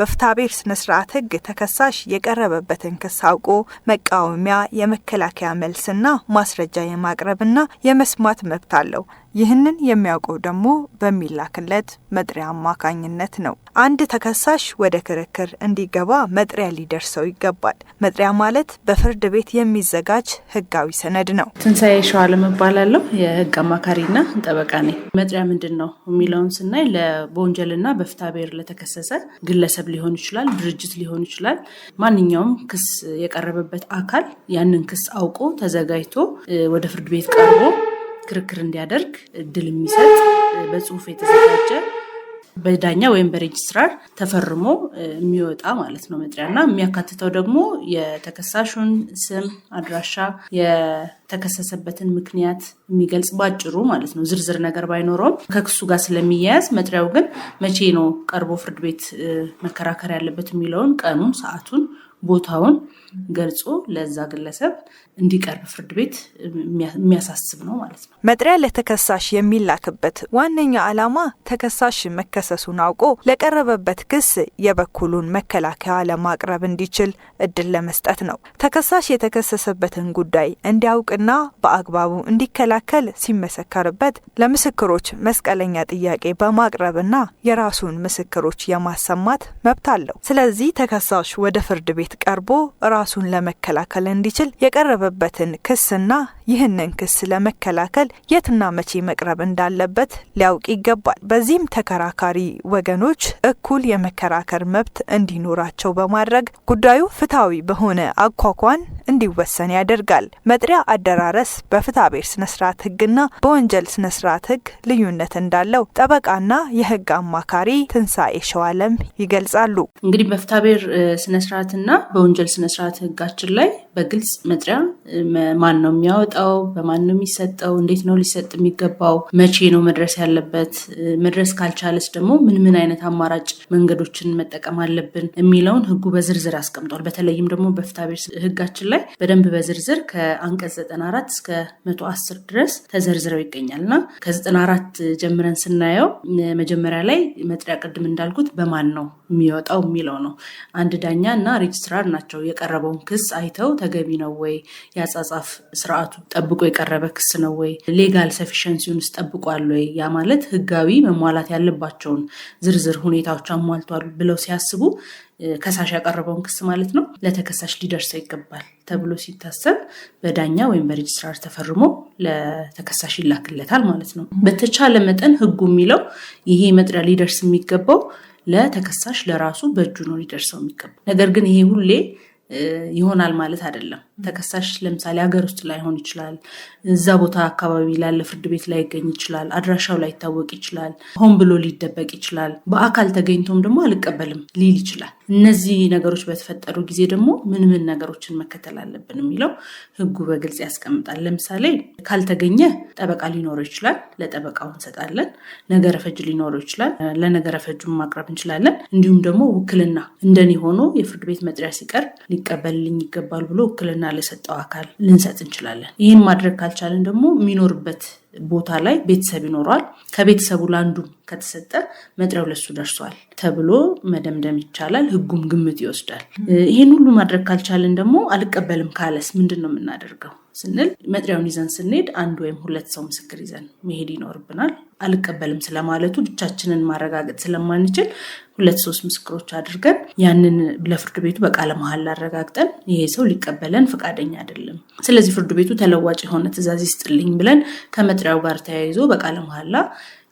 በፍታቤር ስነ ስርዓት ህግ ተከሳሽ የቀረበበትን ክስ አውቆ መቃወሚያ፣ የመከላከያ መልስና ማስረጃ የማቅረብና የመስማት መብት አለው። ይህንን የሚያውቀው ደግሞ በሚላክለት መጥሪያ አማካኝነት ነው። አንድ ተከሳሽ ወደ ክርክር እንዲገባ መጥሪያ ሊደርሰው ይገባል። መጥሪያ ማለት በፍርድ ቤት የሚዘጋጅ ህጋዊ ሰነድ ነው። ትንሳኤ ሸዋለም እባላለሁ። የህግ አማካሪና ጠበቃ ነኝ። መጥሪያ ምንድን ነው የሚለውን ስናይ በወንጀልና በፍታቤር ለተከሰሰ ግለሰብ ሊሆን ይችላል፣ ድርጅት ሊሆን ይችላል። ማንኛውም ክስ የቀረበበት አካል ያንን ክስ አውቆ ተዘጋጅቶ ወደ ፍርድ ቤት ቀርቦ ክርክር እንዲያደርግ እድል የሚሰጥ በጽሁፍ የተዘጋጀ በዳኛ ወይም በሬጅስትራር ተፈርሞ የሚወጣ ማለት ነው መጥሪያ እና የሚያካትተው ደግሞ የተከሳሹን ስም፣ አድራሻ፣ የተከሰሰበትን ምክንያት የሚገልጽ ባጭሩ ማለት ነው። ዝርዝር ነገር ባይኖረውም ከክሱ ጋር ስለሚያያዝ መጥሪያው ግን መቼ ነው ቀርቦ ፍርድ ቤት መከራከር ያለበት የሚለውን ቀኑን፣ ሰዓቱን ቦታውን ገልጾ ለዛ ግለሰብ እንዲቀርብ ፍርድ ቤት የሚያሳስብ ነው ማለት ነው። መጥሪያ ለተከሳሽ የሚላክበት ዋነኛ ዓላማ ተከሳሽ መከሰሱን አውቆ ለቀረበበት ክስ የበኩሉን መከላከያ ለማቅረብ እንዲችል እድል ለመስጠት ነው። ተከሳሽ የተከሰሰበትን ጉዳይ እንዲያውቅና በአግባቡ እንዲከላከል ሲመሰከርበት ለምስክሮች መስቀለኛ ጥያቄ በማቅረብና የራሱን ምስክሮች የማሰማት መብት አለው። ስለዚህ ተከሳሽ ወደ ፍርድ ቤት ፊት ቀርቦ ራሱን ለመከላከል እንዲችል የቀረበበትን ክስና ይህንን ክስ ለመከላከል የትና መቼ መቅረብ እንዳለበት ሊያውቅ ይገባል። በዚህም ተከራካሪ ወገኖች እኩል የመከራከር መብት እንዲኖራቸው በማድረግ ጉዳዩ ፍትሐዊ በሆነ አኳኳን እንዲወሰን ያደርጋል። መጥሪያ አደራረስ በፍትሐ ስነስርዓት ህግና በወንጀል ስነስርዓት ህግ ልዩነት እንዳለው ጠበቃና የህግ አማካሪ ትንሣኤ ሸዋለም ይገልጻሉ። እንግዲህ በፍትሐ ስነስርዓትና በወንጀል ስነስርዓት ህጋችን ላይ በግልጽ መጥሪያ ማን ነው የሚያወጣው፣ በማን ነው የሚሰጠው፣ እንዴት ነው ሊሰጥ የሚገባው፣ መቼ ነው መድረስ ያለበት፣ መድረስ ካልቻለስ ደግሞ ምን ምን አይነት አማራጭ መንገዶችን መጠቀም አለብን የሚለውን ህጉ በዝርዝር አስቀምጧል። በተለይም ደግሞ በፍትሐብሔር ህጋችን ላይ በደንብ በዝርዝር ከአንቀጽ 94 እስከ 110 ድረስ ተዘርዝረው ይገኛል እና ከ94 ጀምረን ስናየው መጀመሪያ ላይ መጥሪያ ቅድም እንዳልኩት በማን ነው የሚወጣው የሚለው ነው። አንድ ዳኛ እና አስራር ናቸው። የቀረበውን ክስ አይተው ተገቢ ነው ወይ፣ የአጻጻፍ ስርዓቱ ጠብቆ የቀረበ ክስ ነው ወይ፣ ሌጋል ሰፊሸንሲውንስ ጠብቋል ወይ፣ ያ ማለት ህጋዊ መሟላት ያለባቸውን ዝርዝር ሁኔታዎች አሟልቷል ብለው ሲያስቡ ከሳሽ ያቀረበውን ክስ ማለት ነው ለተከሳሽ ሊደርሰው ይገባል ተብሎ ሲታሰብ በዳኛ ወይም በሬጅስትራር ተፈርሞ ለተከሳሽ ይላክለታል ማለት ነው። በተቻለ መጠን ህጉ የሚለው ይሄ መጥሪያ ሊደርስ የሚገባው ለተከሳሽ ለራሱ በእጁ ነው ሊደርሰው የሚገባ ነገር ግን ይሄ ሁሌ ይሆናል ማለት አይደለም። ተከሳሽ ለምሳሌ ሀገር ውስጥ ላይሆን ይችላል። እዛ ቦታ አካባቢ ላለ ፍርድ ቤት ላይገኝ ይችላል። አድራሻው ላይታወቅ ይችላል። ሆን ብሎ ሊደበቅ ይችላል። በአካል ተገኝቶም ደግሞ አልቀበልም ሊል ይችላል። እነዚህ ነገሮች በተፈጠሩ ጊዜ ደግሞ ምን ምን ነገሮችን መከተል አለብን የሚለው ህጉ በግልጽ ያስቀምጣል። ለምሳሌ ካልተገኘ ጠበቃ ሊኖረው ይችላል። ለጠበቃው እንሰጣለን። ነገረ ፈጅ ሊኖረው ይችላል። ለነገረ ፈጁ ማቅረብ እንችላለን። እንዲሁም ደግሞ ውክልና እንደኔ ሆኖ የፍርድ ቤት መጥሪያ ሲቀርብ ሊቀበልልኝ ይገባል ብሎ ውክልና ለሰጠው አካል ልንሰጥ እንችላለን። ይህን ማድረግ ካልቻለን ደግሞ የሚኖርበት ቦታ ላይ ቤተሰብ ይኖረዋል። ከቤተሰቡ ለአንዱ ከተሰጠ መጥሪያው ለሱ ደርሷል ተብሎ መደምደም ይቻላል። ህጉም ግምት ይወስዳል። ይህን ሁሉ ማድረግ ካልቻለን ደግሞ አልቀበልም ካለስ ምንድን ነው የምናደርገው ስንል መጥሪያውን ይዘን ስንሄድ አንድ ወይም ሁለት ሰው ምስክር ይዘን መሄድ ይኖርብናል። አልቀበልም ስለማለቱ ብቻችንን ማረጋገጥ ስለማንችል ሁለት ሶስት ምስክሮች አድርገን ያንን ለፍርድ ቤቱ በቃለ መሀል አረጋግጠን ይሄ ሰው ሊቀበለን ፈቃደኛ አይደለም፣ ስለዚህ ፍርድ ቤቱ ተለዋጭ የሆነ ትዕዛዝ ይስጥልኝ ብለን ከመጥሪያው ጋር ተያይዞ በቃለ መሀላ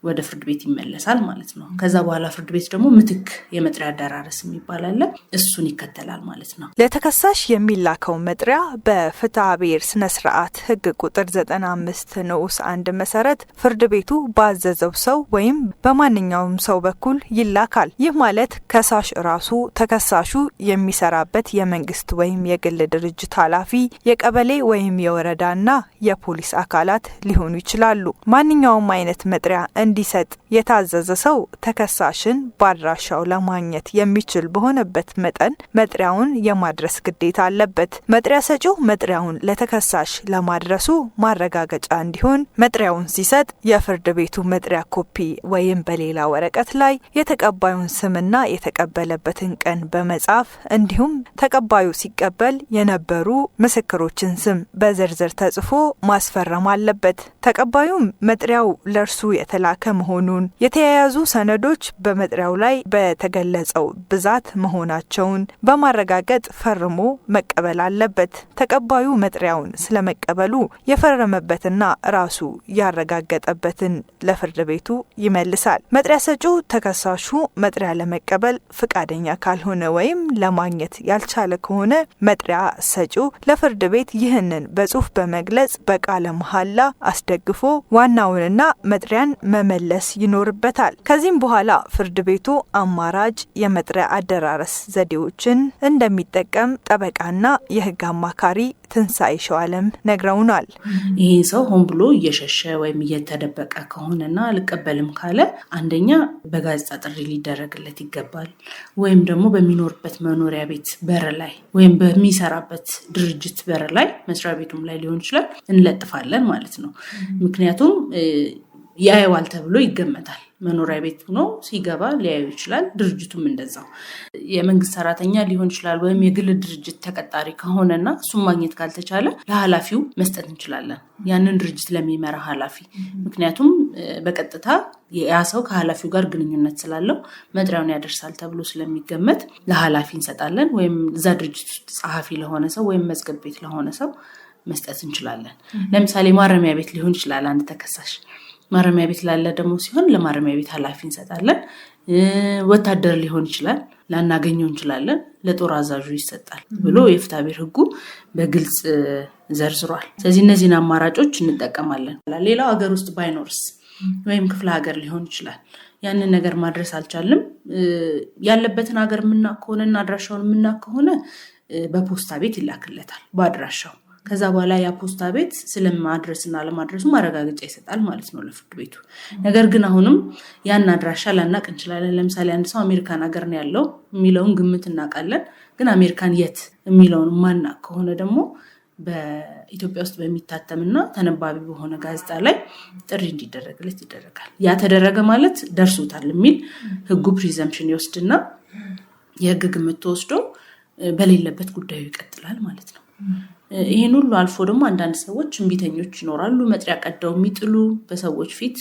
ወደ ፍርድ ቤት ይመለሳል ማለት ነው። ከዛ በኋላ ፍርድ ቤት ደግሞ ምትክ የመጥሪያ አደራረስ የሚባል አለ። እሱን ይከተላል ማለት ነው። ለተከሳሽ የሚላከው መጥሪያ በፍትሐ ብሔር ስነ ስርዓት ህግ ቁጥር 95 ንዑስ አንድ መሰረት ፍርድ ቤቱ ባዘዘው ሰው ወይም በማንኛውም ሰው በኩል ይላካል። ይህ ማለት ከሳሽ ራሱ፣ ተከሳሹ የሚሰራበት የመንግስት ወይም የግል ድርጅት ኃላፊ፣ የቀበሌ ወይም የወረዳና የፖሊስ አካላት ሊሆኑ ይችላሉ። ማንኛውም አይነት መጥሪያ እንዲሰጥ የታዘዘ ሰው ተከሳሽን ባድራሻው ለማግኘት የሚችል በሆነበት መጠን መጥሪያውን የማድረስ ግዴታ አለበት። መጥሪያ ሰጪው መጥሪያውን ለተከሳሽ ለማድረሱ ማረጋገጫ እንዲሆን መጥሪያውን ሲሰጥ የፍርድ ቤቱ መጥሪያ ኮፒ ወይም በሌላ ወረቀት ላይ የተቀባዩን ስምና የተቀበለበትን ቀን በመጻፍ እንዲሁም ተቀባዩ ሲቀበል የነበሩ ምስክሮችን ስም በዝርዝር ተጽፎ ማስፈረም አለበት። ተቀባዩም መጥሪያው ለእርሱ የተላከ የተላከ መሆኑን፣ የተያያዙ ሰነዶች በመጥሪያው ላይ በተገለጸው ብዛት መሆናቸውን በማረጋገጥ ፈርሞ መቀበል አለበት። ተቀባዩ መጥሪያውን ስለመቀበሉ የፈረመበትና ራሱ ያረጋገጠበትን ለፍርድ ቤቱ ይመልሳል። መጥሪያ ሰጪው ተከሳሹ መጥሪያ ለመቀበል ፍቃደኛ ካልሆነ ወይም ለማግኘት ያልቻለ ከሆነ መጥሪያ ሰጪው ለፍርድ ቤት ይህንን በጽሁፍ በመግለጽ በቃለ መሐላ አስደግፎ ዋናውንና መጥሪያን መ መመለስ ይኖርበታል። ከዚህም በኋላ ፍርድ ቤቱ አማራጭ የመጥሪያ አደራረስ ዘዴዎችን እንደሚጠቀም ጠበቃና የህግ አማካሪ ትንሳ ሸዋለም ነግረውናል። ይሄ ሰው ሆን ብሎ እየሸሸ ወይም እየተደበቀ ከሆነና አልቀበልም ካለ አንደኛ በጋዜጣ ጥሪ ሊደረግለት ይገባል። ወይም ደግሞ በሚኖርበት መኖሪያ ቤት በር ላይ ወይም በሚሰራበት ድርጅት በር ላይ መስሪያ ቤቱም ላይ ሊሆን ይችላል እንለጥፋለን ማለት ነው። ምክንያቱም ያየዋል ተብሎ ይገመታል። መኖሪያ ቤት ሆኖ ሲገባ ሊያዩ ይችላል። ድርጅቱም እንደዛው የመንግስት ሰራተኛ ሊሆን ይችላል፣ ወይም የግል ድርጅት ተቀጣሪ ከሆነና እሱም ማግኘት ካልተቻለ ለኃላፊው መስጠት እንችላለን፣ ያንን ድርጅት ለሚመራ ኃላፊ። ምክንያቱም በቀጥታ ያ ሰው ከኃላፊው ጋር ግንኙነት ስላለው መጥሪያውን ያደርሳል ተብሎ ስለሚገመት ለኃላፊ እንሰጣለን፣ ወይም እዛ ድርጅት ውስጥ ጸሐፊ ለሆነ ሰው ወይም መዝገብ ቤት ለሆነ ሰው መስጠት እንችላለን። ለምሳሌ ማረሚያ ቤት ሊሆን ይችላል አንድ ተከሳሽ ማረሚያ ቤት ላለ ደግሞ ሲሆን ለማረሚያ ቤት ኃላፊ እንሰጣለን። ወታደር ሊሆን ይችላል፣ ላናገኘው እንችላለን፣ ለጦር አዛዡ ይሰጣል ብሎ የፍትሐ ብሔር ሕጉ በግልጽ ዘርዝሯል። ስለዚህ እነዚህን አማራጮች እንጠቀማለን። ሌላው ሀገር ውስጥ ባይኖርስ ወይም ክፍለ ሀገር ሊሆን ይችላል። ያንን ነገር ማድረስ አልቻልም። ያለበትን ሀገር ምና ከሆነ እና አድራሻውን ምና ከሆነ በፖስታ ቤት ይላክለታል በአድራሻው ከዛ በኋላ የፖስታ ቤት ስለማድረስና ለማድረሱ ማረጋገጫ ይሰጣል ማለት ነው ለፍርድ ቤቱ። ነገር ግን አሁንም ያን አድራሻ ላናቅ እንችላለን። ለምሳሌ አንድ ሰው አሜሪካን ሀገር ነው ያለው የሚለውን ግምት እናውቃለን። ግን አሜሪካን የት የሚለውን ማናቅ ከሆነ ደግሞ በኢትዮጵያ ውስጥ በሚታተምና ተነባቢ በሆነ ጋዜጣ ላይ ጥሪ እንዲደረግለት ይደረጋል። ያ ተደረገ ማለት ደርሶታል የሚል ህጉ ፕሪዘምፕሽን ይወስድና የህግ ግምት ተወስዶ በሌለበት ጉዳዩ ይቀጥላል ማለት ነው። ይህን ሁሉ አልፎ ደግሞ አንዳንድ ሰዎች እንቢተኞች ይኖራሉ። መጥሪያ ቀደው የሚጥሉ በሰዎች ፊት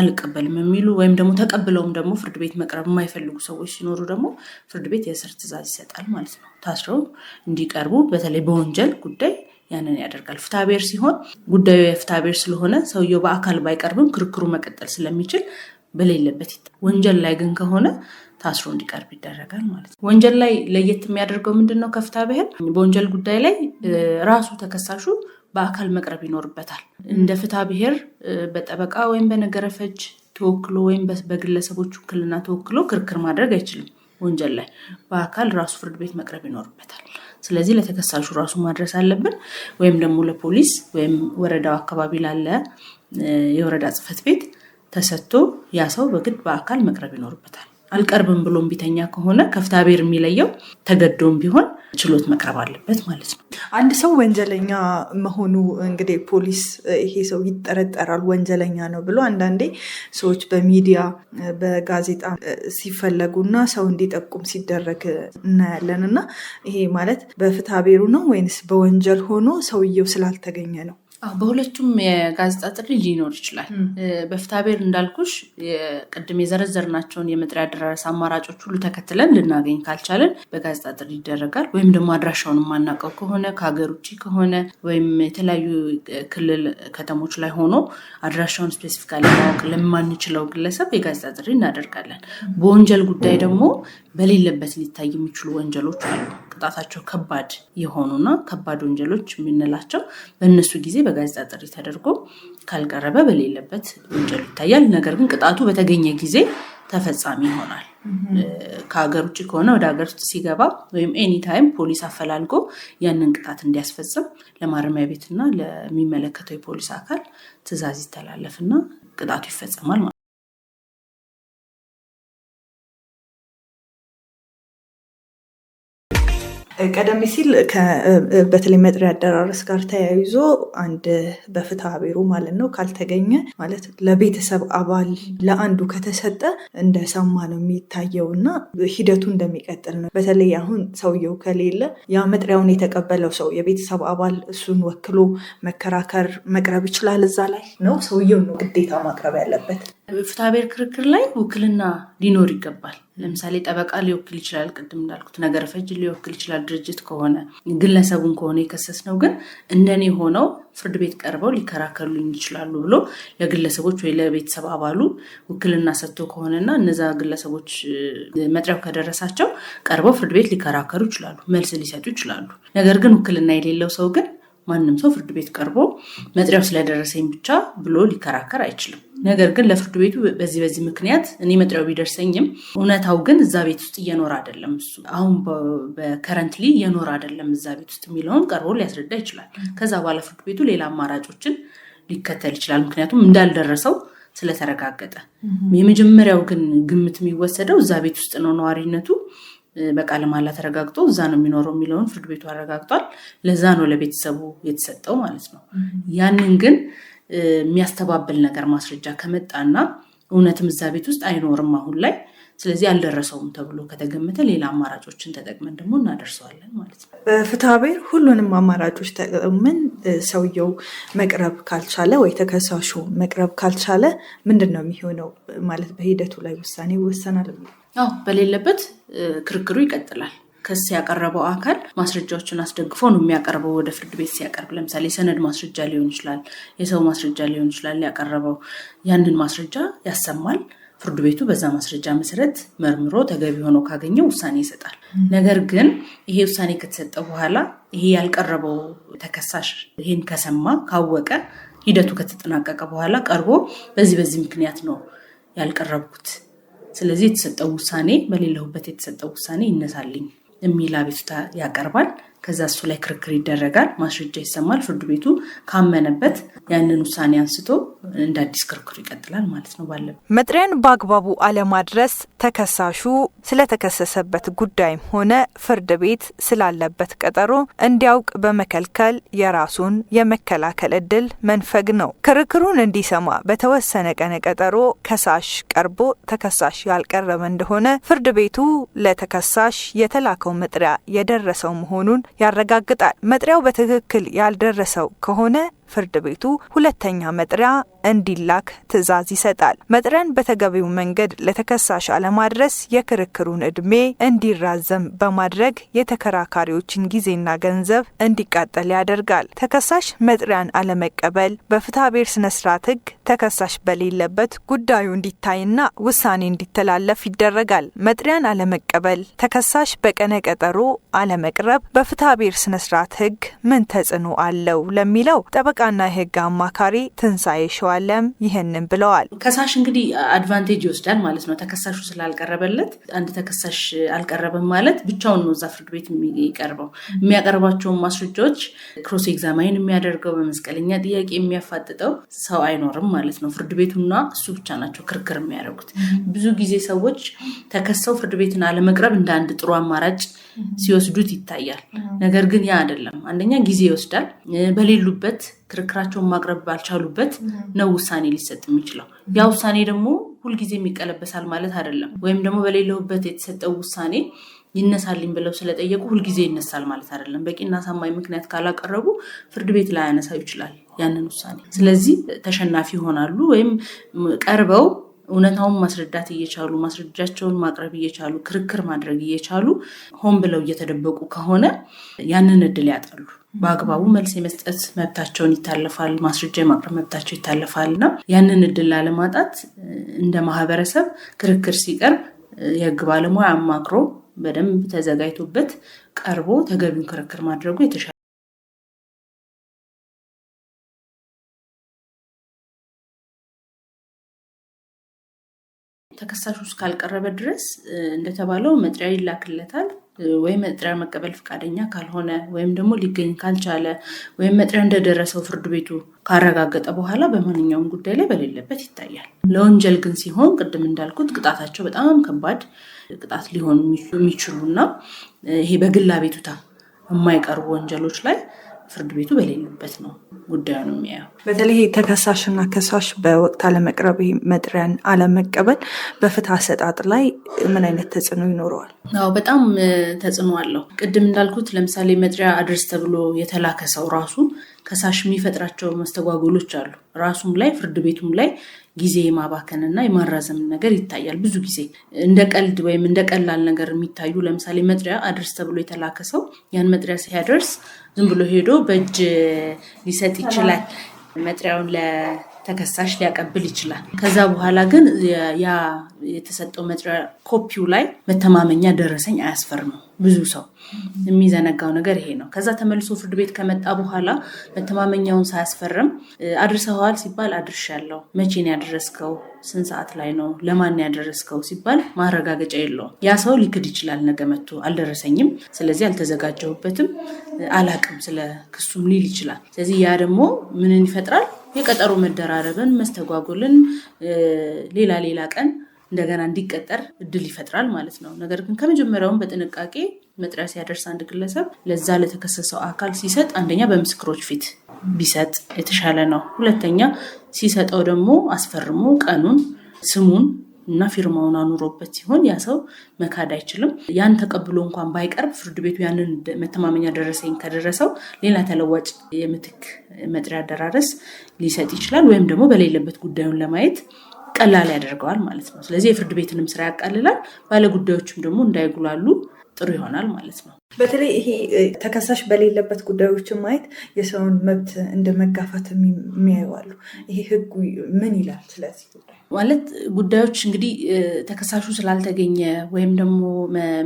አልቀበልም የሚሉ ወይም ደግሞ ተቀብለውም ደግሞ ፍርድ ቤት መቅረብ የማይፈልጉ ሰዎች ሲኖሩ ደግሞ ፍርድ ቤት የእስር ትዕዛዝ ይሰጣል ማለት ነው። ታስረው እንዲቀርቡ በተለይ በወንጀል ጉዳይ ያንን ያደርጋል። ፍትሐብሔር ሲሆን ጉዳዩ የፍትሐብሔር ስለሆነ ሰውየው በአካል ባይቀርብም ክርክሩ መቀጠል ስለሚችል በሌለበት ወንጀል ላይ ግን ከሆነ ታስሮ እንዲቀርብ ይደረጋል ማለት ነው። ወንጀል ላይ ለየት የሚያደርገው ምንድን ነው? ከፍታ ብሔር በወንጀል ጉዳይ ላይ ራሱ ተከሳሹ በአካል መቅረብ ይኖርበታል። እንደ ፍትሐ ብሔር በጠበቃ ወይም በነገረ ፈጅ ተወክሎ ወይም በግለሰቦች ውክልና ተወክሎ ክርክር ማድረግ አይችልም። ወንጀል ላይ በአካል ራሱ ፍርድ ቤት መቅረብ ይኖርበታል። ስለዚህ ለተከሳሹ ራሱ ማድረስ አለብን፣ ወይም ደግሞ ለፖሊስ ወይም ወረዳው አካባቢ ላለ የወረዳ ጽህፈት ቤት ተሰጥቶ ያ ሰው በግድ በአካል መቅረብ ይኖርበታል። አልቀርብም ብሎ ቢተኛ ከሆነ ከፍትሐብሔር የሚለየው ተገዶም ቢሆን ችሎት መቅረብ አለበት ማለት ነው። አንድ ሰው ወንጀለኛ መሆኑ እንግዲህ ፖሊስ ይሄ ሰው ይጠረጠራል ወንጀለኛ ነው ብሎ አንዳንዴ ሰዎች በሚዲያ በጋዜጣ ሲፈለጉና ሰው እንዲጠቁም ሲደረግ እናያለን እና ይሄ ማለት በፍትሐብሔሩ ነው ወይንስ በወንጀል ሆኖ ሰውየው ስላልተገኘ ነው? በሁለቱም የጋዜጣ ጥሪ ሊኖር ይችላል። በፍታቤር እንዳልኩሽ ቅድም የዘረዘርናቸውን የመጥሪያ አደራረስ አማራጮች ሁሉ ተከትለን ልናገኝ ካልቻለን በጋዜጣ ጥሪ ይደረጋል። ወይም ደግሞ አድራሻውን የማናውቀው ከሆነ ከሀገር ውጭ ከሆነ ወይም የተለያዩ ክልል ከተሞች ላይ ሆኖ አድራሻውን ስፔሲፊካ ለማወቅ ለማንችለው ግለሰብ የጋዜጣ ጥሪ እናደርጋለን። በወንጀል ጉዳይ ደግሞ በሌለበት ሊታይ የሚችሉ ወንጀሎች አሉ። ቅጣታቸው ከባድ የሆኑና ከባድ ወንጀሎች የምንላቸው በእነሱ ጊዜ በጋዜጣ ጥሪ ተደርጎ ካልቀረበ በሌለበት ወንጀሉ ይታያል። ነገር ግን ቅጣቱ በተገኘ ጊዜ ተፈጻሚ ይሆናል። ከሀገር ውጭ ከሆነ ወደ ሀገር ውስጥ ሲገባ ወይም ኤኒታይም ፖሊስ አፈላልጎ ያንን ቅጣት እንዲያስፈጽም ለማረሚያ ቤትና ለሚመለከተው የፖሊስ አካል ትዕዛዝ ይተላለፍና ቅጣቱ ይፈጸማል። ቀደም ሲል በተለይ መጥሪያ አደራረስ ጋር ተያይዞ አንድ በፍትሐ ቢሮ ማለት ነው ካልተገኘ ማለት ለቤተሰብ አባል ለአንዱ ከተሰጠ እንደ ሰማ ነው የሚታየው እና ሂደቱ እንደሚቀጥል ነው። በተለይ አሁን ሰውየው ከሌለ ያ መጥሪያውን የተቀበለው ሰው የቤተሰብ አባል እሱን ወክሎ መከራከር መቅረብ ይችላል። እዛ ላይ ነው ሰውየው ነው ግዴታ ማቅረብ ያለበት። ፍትሐብሔር ክርክር ላይ ውክልና ሊኖር ይገባል። ለምሳሌ ጠበቃ ሊወክል ይችላል፣ ቅድም እንዳልኩት ነገር ፈጅ ሊወክል ይችላል። ድርጅት ከሆነ ግለሰቡን ከሆነ የከሰስ ነው ግን እንደኔ ሆነው ፍርድ ቤት ቀርበው ሊከራከሉኝ ይችላሉ ብሎ ለግለሰቦች ወይ ለቤተሰብ አባሉ ውክልና ሰጥቶ ከሆነና እነዛ ግለሰቦች መጥሪያው ከደረሳቸው ቀርበው ፍርድ ቤት ሊከራከሩ ይችላሉ፣ መልስ ሊሰጡ ይችላሉ። ነገር ግን ውክልና የሌለው ሰው ግን ማንም ሰው ፍርድ ቤት ቀርቦ መጥሪያው ስለደረሰኝ ብቻ ብሎ ሊከራከር አይችልም። ነገር ግን ለፍርድ ቤቱ በዚህ በዚህ ምክንያት እኔ መጥሪያው ቢደርሰኝም እውነታው ግን እዛ ቤት ውስጥ እየኖረ አይደለም እሱ አሁን በከረንትሊ እየኖረ አይደለም እዛ ቤት ውስጥ የሚለውን ቀርቦ ሊያስረዳ ይችላል። ከዛ በኋላ ፍርድ ቤቱ ሌላ አማራጮችን ሊከተል ይችላል። ምክንያቱም እንዳልደረሰው ስለተረጋገጠ። የመጀመሪያው ግን ግምት የሚወሰደው እዛ ቤት ውስጥ ነው ነዋሪነቱ በቃ ለማላ ተረጋግጦ እዛ ነው የሚኖረው የሚለውን ፍርድ ቤቱ አረጋግጧል። ለዛ ነው ለቤተሰቡ የተሰጠው ማለት ነው። ያንን ግን የሚያስተባብል ነገር ማስረጃ ከመጣና እውነትም እዛ ቤት ውስጥ አይኖርም አሁን ላይ ስለዚህ አልደረሰውም ተብሎ ከተገመተ ሌላ አማራጮችን ተጠቅመን ደግሞ እናደርሰዋለን ማለት ነው። በፍትሐብሔር ሁሉንም አማራጮች ተጠቅመን ሰውየው መቅረብ ካልቻለ ወይ ተከሳሹ መቅረብ ካልቻለ ምንድን ነው የሚሆነው ማለት በሂደቱ ላይ ውሳኔ ይወሰናል። አዎ በሌለበት ክርክሩ ይቀጥላል። ክስ ያቀረበው አካል ማስረጃዎችን አስደግፎ ነው የሚያቀርበው ወደ ፍርድ ቤት ሲያቀርብ። ለምሳሌ የሰነድ ማስረጃ ሊሆን ይችላል፣ የሰው ማስረጃ ሊሆን ይችላል። ያቀረበው ያንን ማስረጃ ያሰማል። ፍርድ ቤቱ በዛ ማስረጃ መሰረት መርምሮ ተገቢ ሆኖ ካገኘ ውሳኔ ይሰጣል። ነገር ግን ይሄ ውሳኔ ከተሰጠ በኋላ ይሄ ያልቀረበው ተከሳሽ ይህን ከሰማ ካወቀ ሂደቱ ከተጠናቀቀ በኋላ ቀርቦ በዚህ በዚህ ምክንያት ነው ያልቀረብኩት፣ ስለዚህ የተሰጠው ውሳኔ በሌለሁበት የተሰጠው ውሳኔ ይነሳልኝ en mi vista ya carballo ከዛ እሱ ላይ ክርክር ይደረጋል፣ ማስረጃ ይሰማል። ፍርድ ቤቱ ካመነበት ያንን ውሳኔ አንስቶ እንደ አዲስ ክርክሩ ይቀጥላል ማለት ነው። ባለ መጥሪያን በአግባቡ አለማድረስ ተከሳሹ ስለተከሰሰበት ጉዳይም ሆነ ፍርድ ቤት ስላለበት ቀጠሮ እንዲያውቅ በመከልከል የራሱን የመከላከል እድል መንፈግ ነው። ክርክሩን እንዲሰማ በተወሰነ ቀነ ቀጠሮ ከሳሽ ቀርቦ ተከሳሽ ያልቀረበ እንደሆነ ፍርድ ቤቱ ለተከሳሽ የተላከው መጥሪያ የደረሰው መሆኑን ያረጋግጣል። መጥሪያው በትክክል ያልደረሰው ከሆነ ፍርድ ቤቱ ሁለተኛ መጥሪያ እንዲላክ ትዕዛዝ ይሰጣል። መጥሪያን በተገቢው መንገድ ለተከሳሽ አለማድረስ የክርክሩን ዕድሜ እንዲራዘም በማድረግ የተከራካሪዎችን ጊዜና ገንዘብ እንዲቃጠል ያደርጋል። ተከሳሽ መጥሪያን አለመቀበል በፍትሐ ቤር ስነ ስርዓት ሕግ ተከሳሽ በሌለበት ጉዳዩ እንዲታይና ውሳኔ እንዲተላለፍ ይደረጋል። መጥሪያን አለመቀበል፣ ተከሳሽ በቀነ ቀጠሮ አለመቅረብ በፍትሐ ቤር ስነ ስርዓት ሕግ ምን ተጽዕኖ አለው ለሚለው ጠበቃ የሙዚቃና የህግ አማካሪ ትንሣኤ ሸዋለም ይህንን ብለዋል። ከሳሽ እንግዲህ አድቫንቴጅ ይወስዳል ማለት ነው። ተከሳሹ ስላልቀረበለት አንድ ተከሳሽ አልቀረበም ማለት ብቻውን ነው እዛ ፍርድ ቤት የሚቀርበው። የሚያቀርባቸውን ማስረጃዎች ክሮስ ኤግዛማይን የሚያደርገው በመስቀለኛ ጥያቄ የሚያፋጥጠው ሰው አይኖርም ማለት ነው። ፍርድ ቤቱና እሱ ብቻ ናቸው ክርክር የሚያደርጉት። ብዙ ጊዜ ሰዎች ተከሰው ፍርድ ቤትን አለመቅረብ እንደ አንድ ጥሩ አማራጭ ሲወስዱት ይታያል። ነገር ግን ያ አይደለም። አንደኛ ጊዜ ይወስዳል። በሌሉበት ክርክራቸውን ማቅረብ ባልቻሉበት ነው ውሳኔ ሊሰጥ የሚችለው። ያ ውሳኔ ደግሞ ሁልጊዜ ይቀለበሳል ማለት አይደለም። ወይም ደግሞ በሌለሁበት የተሰጠው ውሳኔ ይነሳልኝ ብለው ስለጠየቁ ሁልጊዜ ይነሳል ማለት አይደለም። በቂና አሳማኝ ምክንያት ካላቀረቡ ፍርድ ቤት ላያነሳው ይችላል ያንን ውሳኔ። ስለዚህ ተሸናፊ ይሆናሉ ወይም ቀርበው እውነታውን ማስረዳት እየቻሉ ማስረጃቸውን ማቅረብ እየቻሉ ክርክር ማድረግ እየቻሉ ሆን ብለው እየተደበቁ ከሆነ ያንን እድል ያጣሉ። በአግባቡ መልስ የመስጠት መብታቸውን ይታለፋል፣ ማስረጃ የማቅረብ መብታቸው ይታለፋል እና ያንን እድል ላለማጣት እንደ ማህበረሰብ ክርክር ሲቀርብ የህግ ባለሙያ አማክሮ በደንብ ተዘጋጅቶበት ቀርቦ ተገቢውን ክርክር ማድረጉ የተሻለ ተከሳሹ እስካልቀረበ ድረስ እንደተባለው መጥሪያ ይላክለታል። ወይም መጥሪያ መቀበል ፈቃደኛ ካልሆነ ወይም ደግሞ ሊገኝ ካልቻለ ወይም መጥሪያ እንደደረሰው ፍርድ ቤቱ ካረጋገጠ በኋላ በማንኛውም ጉዳይ ላይ በሌለበት ይታያል። ለወንጀል ግን ሲሆን ቅድም እንዳልኩት ቅጣታቸው በጣም ከባድ ቅጣት ሊሆኑ የሚችሉ እና ይሄ በግል አቤቱታ የማይቀርቡ ወንጀሎች ላይ ፍርድ ቤቱ በሌሉበት ነው ጉዳዩን የሚያየው። በተለይ ተከሳሽና ከሳሽ በወቅት አለመቅረብ መጥሪያን አለመቀበል በፍትህ አሰጣጥ ላይ ምን አይነት ተጽዕኖ ይኖረዋል? አዎ በጣም ተጽዕኖ አለው። ቅድም እንዳልኩት ለምሳሌ መጥሪያ አድርስ ተብሎ የተላከ ሰው ራሱ ከሳሽ የሚፈጥራቸው መስተጓጎሎች አሉ። ራሱም ላይ ፍርድ ቤቱም ላይ ጊዜ የማባከንና የማራዘም ነገር ይታያል። ብዙ ጊዜ እንደ ቀልድ ወይም እንደ ቀላል ነገር የሚታዩ ለምሳሌ መጥሪያ አድርስ ተብሎ የተላከ ሰው ያን መጥሪያ ሲያደርስ ዝም ብሎ ሄዶ በእጅ ሊሰጥ ይችላል። መጥሪያውን ተከሳሽ ሊያቀብል ይችላል። ከዛ በኋላ ግን ያ የተሰጠው መጥሪያ ኮፒው ላይ መተማመኛ ደረሰኝ አያስፈርመው። ብዙ ሰው የሚዘነጋው ነገር ይሄ ነው። ከዛ ተመልሶ ፍርድ ቤት ከመጣ በኋላ መተማመኛውን ሳያስፈርም አድርሰዋል ሲባል አድርሻለሁ፣ መቼን ያደረስከው፣ ስንት ሰዓት ላይ ነው፣ ለማን ያደረስከው ሲባል ማረጋገጫ የለውም። ያ ሰው ሊክድ ይችላል። ነገ መቶ አልደረሰኝም፣ ስለዚህ አልተዘጋጀሁበትም፣ አላቅም ስለ ክሱም ሊል ይችላል። ስለዚህ ያ ደግሞ ምንን ይፈጥራል? የቀጠሮ መደራረብን፣ መስተጓጎልን ሌላ ሌላ ቀን እንደገና እንዲቀጠር እድል ይፈጥራል ማለት ነው። ነገር ግን ከመጀመሪያውም በጥንቃቄ መጥሪያ ሲያደርስ አንድ ግለሰብ ለዛ ለተከሰሰው አካል ሲሰጥ አንደኛ በምስክሮች ፊት ቢሰጥ የተሻለ ነው። ሁለተኛ ሲሰጠው ደግሞ አስፈርሞ ቀኑን፣ ስሙን እና ፊርማውን አኑሮበት ሲሆን ያ ሰው መካድ አይችልም። ያን ተቀብሎ እንኳን ባይቀርብ ፍርድ ቤቱ ያንን መተማመኛ ደረሰኝ ከደረሰው ሌላ ተለዋጭ የምትክ መጥሪያ አደራረስ ሊሰጥ ይችላል ወይም ደግሞ በሌለበት ጉዳዩን ለማየት ቀላል ያደርገዋል ማለት ነው። ስለዚህ የፍርድ ቤትንም ስራ ያቃልላል፣ ባለጉዳዮችም ደግሞ እንዳይጉላሉ ጥሩ ይሆናል ማለት ነው። በተለይ ይሄ ተከሳሽ በሌለበት ጉዳዮችን ማየት የሰውን መብት እንደ መጋፋት የሚያዩ አሉ። ይሄ ህጉ ምን ይላል? ስለዚህ ጉዳይ ማለት ጉዳዮች እንግዲህ ተከሳሹ ስላልተገኘ ወይም ደግሞ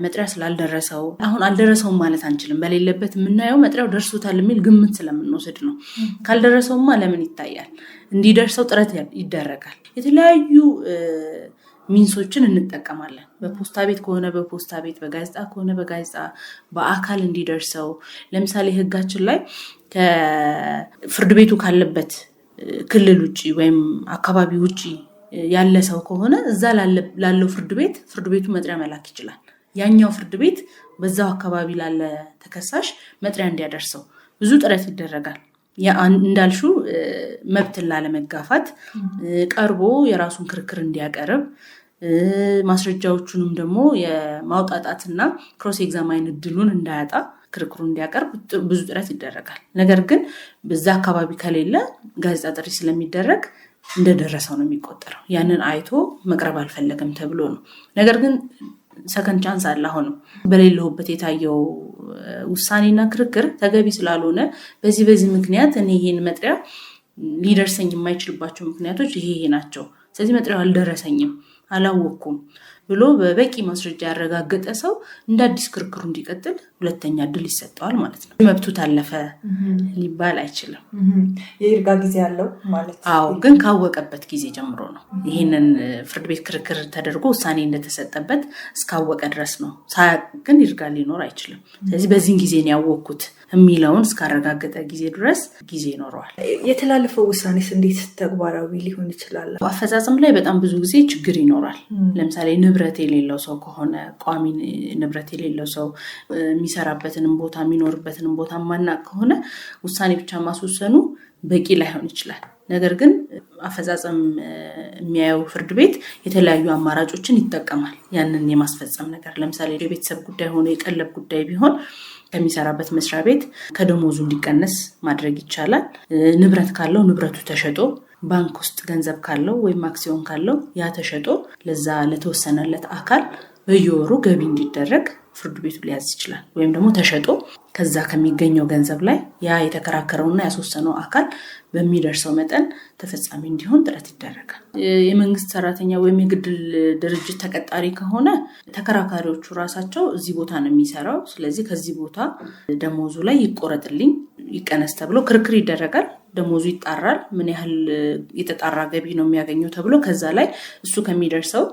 መጥሪያ ስላልደረሰው አሁን አልደረሰውም ማለት አንችልም። በሌለበት የምናየው መጥሪያው ደርሶታል የሚል ግምት ስለምንወስድ ነው። ካልደረሰውማ ለምን ይታያል? እንዲደርሰው ጥረት ይደረጋል። የተለያዩ ሚንሶችን እንጠቀማለን። በፖስታ ቤት ከሆነ በፖስታ ቤት፣ በጋዜጣ ከሆነ በጋዜጣ፣ በአካል እንዲደርሰው ለምሳሌ ህጋችን ላይ ከፍርድ ቤቱ ካለበት ክልል ውጭ ወይም አካባቢ ውጭ ያለ ሰው ከሆነ እዛ ላለው ፍርድ ቤት ፍርድ ቤቱ መጥሪያ መላክ ይችላል። ያኛው ፍርድ ቤት በዛው አካባቢ ላለ ተከሳሽ መጥሪያ እንዲያደርሰው ብዙ ጥረት ይደረጋል። እንዳልሹ መብትን ላለመጋፋት ቀርቦ የራሱን ክርክር እንዲያቀርብ ማስረጃዎቹንም ደግሞ የማውጣጣትና ክሮስ ኤግዛማይን እድሉን እንዳያጣ ክርክሩ እንዲያቀርብ ብዙ ጥረት ይደረጋል። ነገር ግን በዛ አካባቢ ከሌለ ጋዜጣ ጥሪ ስለሚደረግ እንደደረሰው ነው የሚቆጠረው። ያንን አይቶ መቅረብ አልፈለገም ተብሎ ነው። ነገር ግን ሰከንድ ቻንስ አለ። አሁንም በሌለሁበት የታየው ውሳኔና ክርክር ተገቢ ስላልሆነ በዚህ በዚህ ምክንያት እኔ ይሄን መጥሪያ ሊደርሰኝ የማይችልባቸው ምክንያቶች ይሄ ይሄ ናቸው። ስለዚህ መጥሪያው አልደረሰኝም፣ አላወቅኩም ብሎ በበቂ ማስረጃ ያረጋገጠ ሰው እንደ አዲስ ክርክሩ እንዲቀጥል ሁለተኛ እድል ይሰጠዋል ማለት ነው። መብቱ ታለፈ ሊባል አይችልም። የይርጋ ጊዜ አለው ማለት አዎ፣ ግን ካወቀበት ጊዜ ጀምሮ ነው። ይህንን ፍርድ ቤት ክርክር ተደርጎ ውሳኔ እንደተሰጠበት እስካወቀ ድረስ ነው። ሳያቅ ግን ይርጋ ሊኖር አይችልም። ስለዚህ በዚህን ጊዜ ነው ያወቅኩት የሚለውን እስካረጋገጠ ጊዜ ድረስ ጊዜ ይኖረዋል። የተላለፈው ውሳኔስ እንዴት ተግባራዊ ሊሆን ይችላል? አፈጻጸም ላይ በጣም ብዙ ጊዜ ችግር ይኖራል። ለምሳሌ ንብረት የሌለው ሰው ከሆነ ቋሚ ንብረት የሌለው ሰው የሚሰራበትንም ቦታ የሚኖርበትንም ቦታ ማናቅ ከሆነ ውሳኔ ብቻ ማስወሰኑ በቂ ላይሆን ይችላል። ነገር ግን አፈጻጸም የሚያየው ፍርድ ቤት የተለያዩ አማራጮችን ይጠቀማል። ያንን የማስፈጸም ነገር ለምሳሌ የቤተሰብ ጉዳይ ሆኖ የቀለብ ጉዳይ ቢሆን ከሚሰራበት መስሪያ ቤት ከደሞዙ እንዲቀነስ ማድረግ ይቻላል። ንብረት ካለው ንብረቱ ተሸጦ ባንክ ውስጥ ገንዘብ ካለው ወይም አክሲዮን ካለው ያ ተሸጦ ለዛ ለተወሰነለት አካል በየወሩ ገቢ እንዲደረግ ፍርድ ቤቱ ሊያዝ ይችላል። ወይም ደግሞ ተሸጦ ከዛ ከሚገኘው ገንዘብ ላይ ያ የተከራከረውና ያስወሰነው አካል በሚደርሰው መጠን ተፈጻሚ እንዲሆን ጥረት ይደረጋል። የመንግስት ሰራተኛ ወይም የግድል ድርጅት ተቀጣሪ ከሆነ ተከራካሪዎቹ ራሳቸው እዚህ ቦታ ነው የሚሰራው፣ ስለዚህ ከዚህ ቦታ ደሞዙ ላይ ይቆረጥልኝ፣ ይቀነስ ተብሎ ክርክር ይደረጋል። ደሞዙ ይጣራል። ምን ያህል የተጣራ ገቢ ነው የሚያገኘው ተብሎ ከዛ ላይ እሱ ከሚደርሰው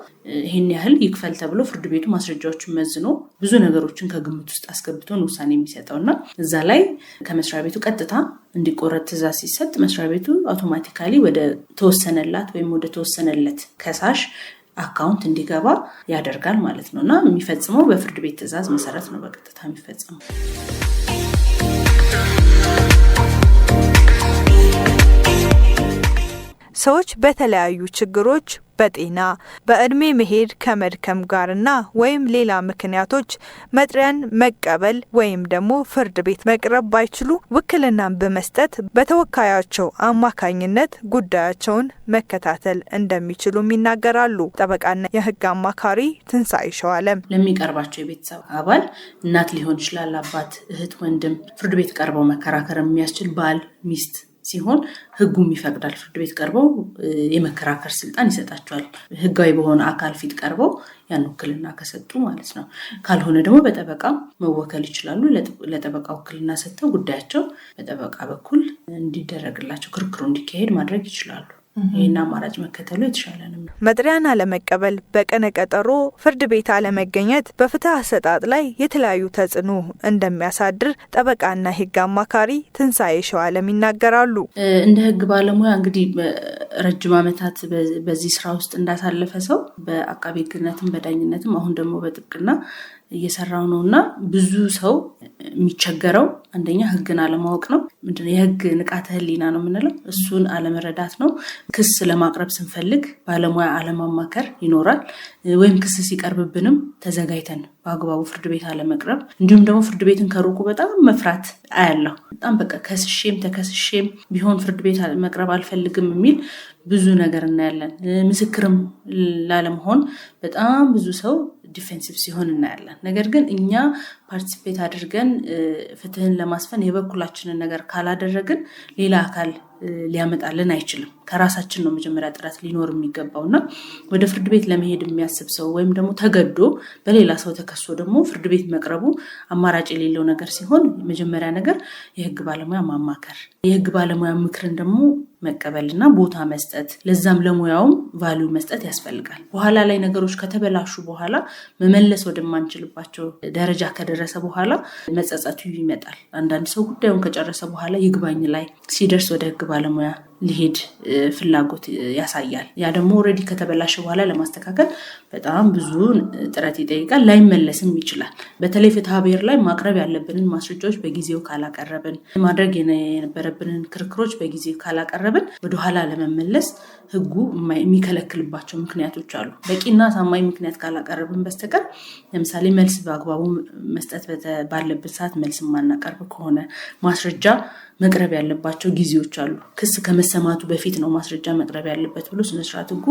ይህን ያህል ይክፈል ተብሎ ፍርድ ቤቱ ማስረጃዎችን መዝኖ ብዙ ነገሮችን ከግምት ውስጥ አስገብቶን ውሳኔ የሚሰጠው እና እዛ ላይ ከመስሪያ ቤቱ ቀጥታ እንዲቆረጥ ትእዛዝ ሲሰጥ መስሪያ ቤቱ አውቶማቲካሊ ወደ ተወሰነላት ወይም ወደ ተወሰነለት ከሳሽ አካውንት እንዲገባ ያደርጋል ማለት ነው እና የሚፈጽመው በፍርድ ቤት ትዕዛዝ መሰረት ነው በቀጥታ የሚፈጽመው። ሰዎች በተለያዩ ችግሮች በጤና በእድሜ መሄድ ከመድከም ጋርና ወይም ሌላ ምክንያቶች መጥሪያን መቀበል ወይም ደግሞ ፍርድ ቤት መቅረብ ባይችሉ ውክልናን በመስጠት በተወካያቸው አማካኝነት ጉዳያቸውን መከታተል እንደሚችሉም ይናገራሉ። ጠበቃና የህግ አማካሪ ትንሣኤ ሸዋለም ለሚቀርባቸው የቤተሰብ አባል እናት ሊሆን ይችላል፣ አባት፣ እህት፣ ወንድም ፍርድ ቤት ቀርበው መከራከር የሚያስችል ባል፣ ሚስት ሲሆን ህጉም ይፈቅዳል። ፍርድ ቤት ቀርበው የመከራከር ስልጣን ይሰጣቸዋል። ህጋዊ በሆነ አካል ፊት ቀርበው ያን ውክልና ከሰጡ ማለት ነው። ካልሆነ ደግሞ በጠበቃ መወከል ይችላሉ። ለጠበቃ ውክልና ሰጥተው ጉዳያቸው በጠበቃ በኩል እንዲደረግላቸው ክርክሩ እንዲካሄድ ማድረግ ይችላሉ። ይህን አማራጭ መከተሉ የተሻለ ነው። መጥሪያን አለመቀበል፣ በቀነ ቀጠሮ ፍርድ ቤት አለመገኘት በፍትህ አሰጣጥ ላይ የተለያዩ ተጽዕኖ እንደሚያሳድር ጠበቃና ህግ አማካሪ ትንሣኤ ሸዋለም ይናገራሉ። እንደ ህግ ባለሙያ እንግዲህ ረጅም ዓመታት በዚህ ስራ ውስጥ እንዳሳለፈ ሰው በአቃቤ ህግነትም በዳኝነትም አሁን ደግሞ በጥብቅና እየሰራው ነው እና ብዙ ሰው የሚቸገረው አንደኛ ህግን አለማወቅ ነው። ምንድን የህግ ንቃተ ህሊና ነው የምንለው እሱን አለመረዳት ነው። ክስ ለማቅረብ ስንፈልግ ባለሙያ አለማማከር ይኖራል። ወይም ክስ ሲቀርብብንም ተዘጋጅተን በአግባቡ ፍርድ ቤት አለመቅረብ፣ እንዲሁም ደግሞ ፍርድ ቤትን ከሩቁ በጣም መፍራት አያለው። በጣም በቃ ከስሼም ተከስሼም ቢሆን ፍርድ ቤት መቅረብ አልፈልግም የሚል ብዙ ነገር እናያለን። ምስክርም ላለመሆን በጣም ብዙ ሰው ዲፌንሲቭ ሲሆን እናያለን። ነገር ግን እኛ ፓርቲሲፔት አድርገን ፍትህን ለማስፈን የበኩላችንን ነገር ካላደረግን ሌላ አካል ሊያመጣልን አይችልም። ከራሳችን ነው መጀመሪያ ጥረት ሊኖር የሚገባው እና ወደ ፍርድ ቤት ለመሄድ የሚያስብ ሰው ወይም ደግሞ ተገዶ በሌላ ሰው ተከሶ ደግሞ ፍርድ ቤት መቅረቡ አማራጭ የሌለው ነገር ሲሆን መጀመሪያ ነገር የህግ ባለሙያ ማማከር፣ የህግ ባለሙያ ምክርን ደግሞ መቀበልና ቦታ መስጠት፣ ለዛም ለሙያውም ቫሊዩ መስጠት ያስፈልጋል። በኋላ ላይ ነገሮች ከተበላሹ በኋላ መመለስ ወደማንችልባቸው ደረጃ ከደረ ከደረሰ በኋላ መጸጸቱ ይመጣል። አንዳንድ ሰው ጉዳዩን ከጨረሰ በኋላ ይግባኝ ላይ ሲደርስ ወደ ህግ ባለሙያ ሊሄድ ፍላጎት ያሳያል። ያ ደግሞ ኦልሬዲ ከተበላሸ በኋላ ለማስተካከል በጣም ብዙ ጥረት ይጠይቃል፣ ላይመለስም ይችላል። በተለይ ፍትሐ ብሔር ላይ ማቅረብ ያለብንን ማስረጃዎች በጊዜው ካላቀረብን፣ ማድረግ የነበረብንን ክርክሮች በጊዜው ካላቀረብን ወደኋላ ለመመለስ ህጉ የሚከለክልባቸው ምክንያቶች አሉ። በቂና ታማኝ ምክንያት ካላቀረብን በስተቀር ለምሳሌ መልስ በአግባቡ መስጠት ባለብን ሰዓት መልስ የማናቀርብ ከሆነ ማስረጃ መቅረብ ያለባቸው ጊዜዎች አሉ። ክስ ከመሰማቱ በፊት ነው ማስረጃ መቅረብ ያለበት ብሎ ስነስርዓት ህጉ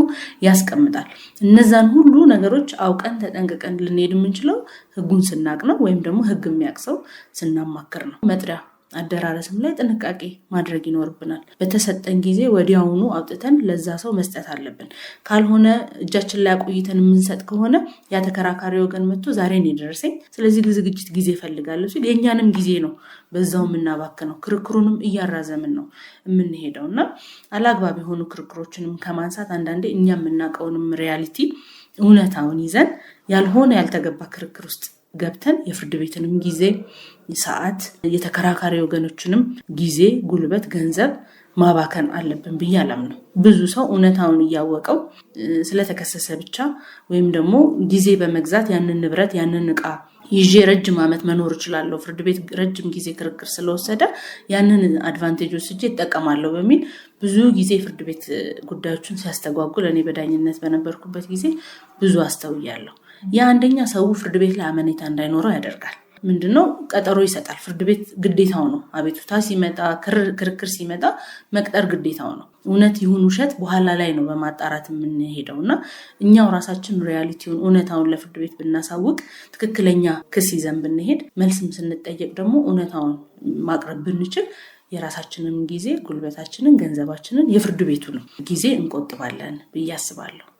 ያስቀምጣል። እነዛን ሁሉ ነገሮች አውቀን ተጠንቅቀን ልንሄድ የምንችለው ህጉን ስናቅ ነው፣ ወይም ደግሞ ህግ የሚያቅሰው ስናማክር ነው። መጥሪያ አደራረስም ላይ ጥንቃቄ ማድረግ ይኖርብናል። በተሰጠን ጊዜ ወዲያውኑ አውጥተን ለዛ ሰው መስጠት አለብን። ካልሆነ እጃችን ላይ አቆይተን የምንሰጥ ከሆነ ያ ተከራካሪ ወገን መጥቶ ዛሬን የደረሰኝ፣ ስለዚህ ዝግጅት ጊዜ እፈልጋለሁ ሲል የእኛንም ጊዜ ነው በዛው ነው። ክርክሩንም እያራዘምን ነው የምንሄደው እና አላግባብ የሆኑ ክርክሮችንም ከማንሳት አንዳንዴ እኛ የምናውቀውንም ሪያሊቲ እውነታውን ይዘን ያልሆነ ያልተገባ ክርክር ውስጥ ገብተን የፍርድ ቤትንም ጊዜ ሰዓት፣ የተከራካሪ ወገኖችንም ጊዜ፣ ጉልበት፣ ገንዘብ ማባከን አለብን ብዬ አላምነው። ብዙ ሰው እውነታውን እያወቀው ስለተከሰሰ ብቻ ወይም ደግሞ ጊዜ በመግዛት ያንን ንብረት ያንን እቃ ይዤ ረጅም ዓመት መኖር እችላለሁ፣ ፍርድ ቤት ረጅም ጊዜ ክርክር ስለወሰደ ያንን አድቫንቴጅ ወስጄ ይጠቀማለሁ በሚል ብዙ ጊዜ ፍርድ ቤት ጉዳዮችን ሲያስተጓጉል እኔ በዳኝነት በነበርኩበት ጊዜ ብዙ አስተውያለሁ። የአንደኛ ሰው ፍርድ ቤት ላይ አመኔታ እንዳይኖረው ያደርጋል። ምንድነው ቀጠሮ ይሰጣል። ፍርድ ቤት ግዴታው ነው። አቤቱታ ሲመጣ፣ ክርክር ሲመጣ መቅጠር ግዴታው ነው። እውነት ይሁን ውሸት በኋላ ላይ ነው በማጣራት የምንሄደው እና እኛው ራሳችን ሪያሊቲውን እውነታውን ለፍርድ ቤት ብናሳውቅ፣ ትክክለኛ ክስ ይዘን ብንሄድ፣ መልስም ስንጠየቅ ደግሞ እውነታውን ማቅረብ ብንችል የራሳችንን ጊዜ፣ ጉልበታችንን፣ ገንዘባችንን የፍርድ ቤቱንም ጊዜ እንቆጥባለን ብዬ አስባለሁ።